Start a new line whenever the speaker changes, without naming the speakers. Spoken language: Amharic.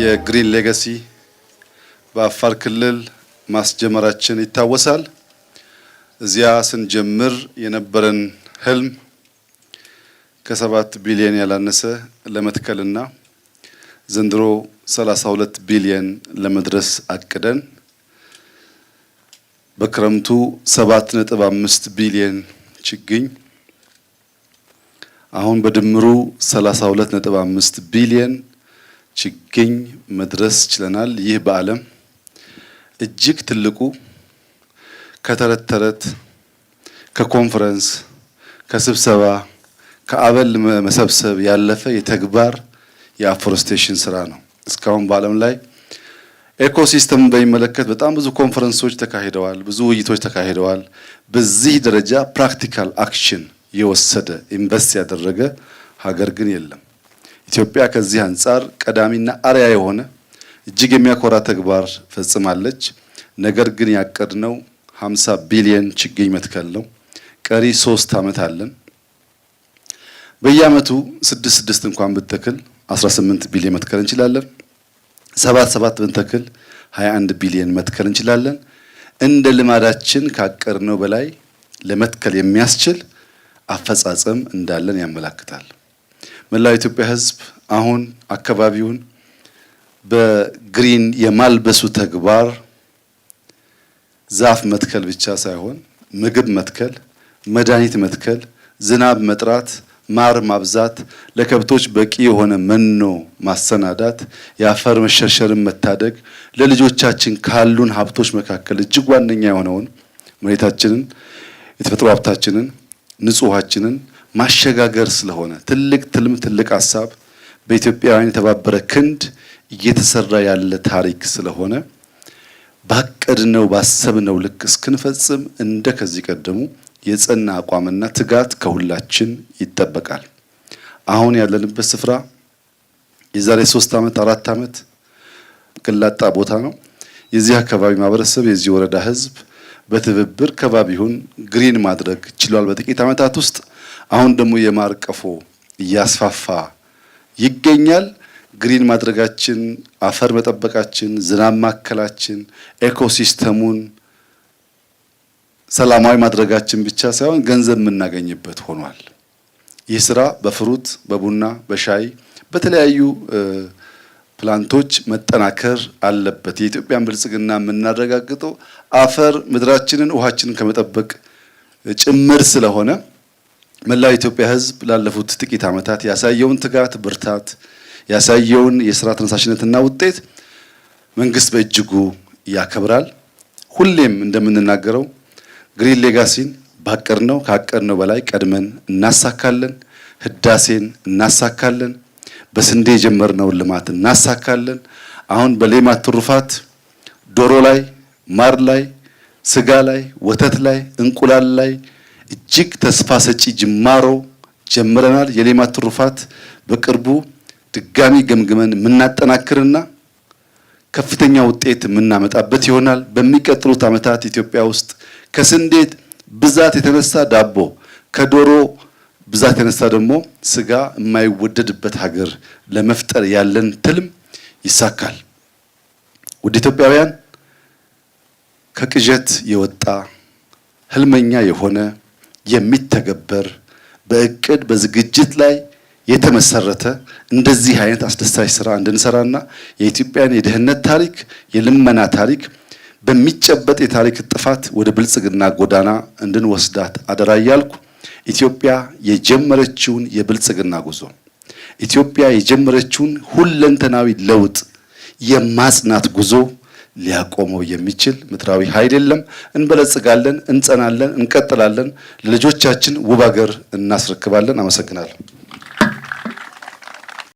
የግሪን ሌጋሲ በአፋር ክልል ማስጀመራችን ይታወሳል። እዚያ ስንጀምር የነበረን ህልም ከሰባት ቢሊየን ያላነሰ ለመትከልና ዘንድሮ 32 ቢሊየን ለመድረስ አቅደን በክረምቱ 7.5 ቢሊየን ችግኝ አሁን በድምሩ 32.5 ቢሊየን ችግኝ መድረስ ችለናል። ይህ በዓለም እጅግ ትልቁ ከተረት ተረት፣ ከኮንፈረንስ፣ ከስብሰባ፣ ከአበል መሰብሰብ ያለፈ የተግባር የአፎረስቴሽን ስራ ነው። እስካሁን በዓለም ላይ ኤኮሲስተም በሚመለከት በጣም ብዙ ኮንፈረንሶች ተካሂደዋል፣ ብዙ ውይይቶች ተካሂደዋል። በዚህ ደረጃ ፕራክቲካል አክሽን የወሰደ ኢንቨስት ያደረገ ሀገር ግን የለም። ኢትዮጵያ ከዚህ አንጻር ቀዳሚና አርያ የሆነ እጅግ የሚያኮራ ተግባር ፈጽማለች። ነገር ግን ያቀድነው 50 ቢሊየን ችግኝ መትከል ነው። ቀሪ ሶስት ዓመት አለን። በየአመቱ ስድስት ስድስት እንኳን ብትተክል 18 ቢሊየን መትከል እንችላለን። ሰባት ሰባት ብንተክል 21 ቢሊየን መትከል እንችላለን። እንደ ልማዳችን ካቀድነው በላይ ለመትከል የሚያስችል አፈጻጸም እንዳለን ያመላክታል። መላው ኢትዮጵያ ህዝብ አሁን አካባቢውን በግሪን የማልበሱ ተግባር ዛፍ መትከል ብቻ ሳይሆን ምግብ መትከል፣ መድኃኒት መትከል፣ ዝናብ መጥራት፣ ማር ማብዛት፣ ለከብቶች በቂ የሆነ መኖ ማሰናዳት፣ የአፈር መሸርሸርን መታደግ፣ ለልጆቻችን ካሉን ሀብቶች መካከል እጅግ ዋነኛ የሆነውን መሬታችንን የተፈጥሮ ሀብታችንን ንጹሃችንን ማሸጋገር ስለሆነ ትልቅ ትልም ትልቅ ሀሳብ በኢትዮጵያውያን የተባበረ ክንድ እየተሰራ ያለ ታሪክ ስለሆነ ባቀድነው ባሰብነው ልክ እስክንፈጽም እንደ ከዚህ ቀደሙ የጸና አቋምና ትጋት ከሁላችን ይጠበቃል። አሁን ያለንበት ስፍራ የዛሬ ሶስት ዓመት አራት ዓመት ገላጣ ቦታ ነው። የዚህ አካባቢ ማህበረሰብ የዚህ ወረዳ ህዝብ በትብብር ከባቢውን ግሪን ማድረግ ችሏል በጥቂት ዓመታት ውስጥ። አሁን ደግሞ የማርቀፎ እያስፋፋ ይገኛል። ግሪን ማድረጋችን፣ አፈር መጠበቃችን፣ ዝናብ ማከላችን፣ ኤኮሲስተሙን ሰላማዊ ማድረጋችን ብቻ ሳይሆን ገንዘብ የምናገኝበት ሆኗል። ይህ ስራ በፍሩት፣ በቡና፣ በሻይ በተለያዩ ፕላንቶች መጠናከር አለበት። የኢትዮጵያን ብልጽግና የምናረጋግጠው አፈር ምድራችንን፣ ውሃችንን ከመጠበቅ ጭምር ስለሆነ መላው የኢትዮጵያ ሕዝብ ላለፉት ጥቂት ዓመታት ያሳየውን ትጋት፣ ብርታት፣ ያሳየውን የስራ ተነሳሽነትና ውጤት መንግስት በእጅጉ ያከብራል። ሁሌም እንደምንናገረው ግሪን ሌጋሲን ባቀድነው ካቀድነው በላይ ቀድመን እናሳካለን። ህዳሴን እናሳካለን። በስንዴ የጀመርነውን ልማት እናሳካለን። አሁን በሌማት ትሩፋት ዶሮ ላይ፣ ማር ላይ፣ ስጋ ላይ፣ ወተት ላይ፣ እንቁላል ላይ እጅግ ተስፋ ሰጪ ጅማሮ ጀምረናል። የሌማት ትሩፋት በቅርቡ ድጋሚ ገምግመን የምናጠናክርና ከፍተኛ ውጤት የምናመጣበት ይሆናል። በሚቀጥሉት ዓመታት ኢትዮጵያ ውስጥ ከስንዴ ብዛት የተነሳ ዳቦ ከዶሮ ብዛት የተነሳ ደግሞ ስጋ የማይወደድበት ሀገር ለመፍጠር ያለን ትልም ይሳካል። ውድ ኢትዮጵያውያን ከቅዠት የወጣ ህልመኛ የሆነ የሚተገበር በእቅድ በዝግጅት ላይ የተመሰረተ እንደዚህ አይነት አስደሳች ስራ እንድንሰራና የኢትዮጵያን የድህነት ታሪክ የልመና ታሪክ በሚጨበጥ የታሪክ ጥፋት ወደ ብልጽግና ጎዳና እንድንወስዳት አደራ እያልኩ ኢትዮጵያ የጀመረችውን የብልጽግና ጉዞ ኢትዮጵያ የጀመረችውን ሁለንተናዊ ለውጥ የማጽናት ጉዞ ሊያቆመው የሚችል ምድራዊ ኃይል የለም። እንበለጽጋለን፣ እንጸናለን፣ እንቀጥላለን፣ ለልጆቻችን ውብ ሀገር እናስረክባለን። አመሰግናለሁ።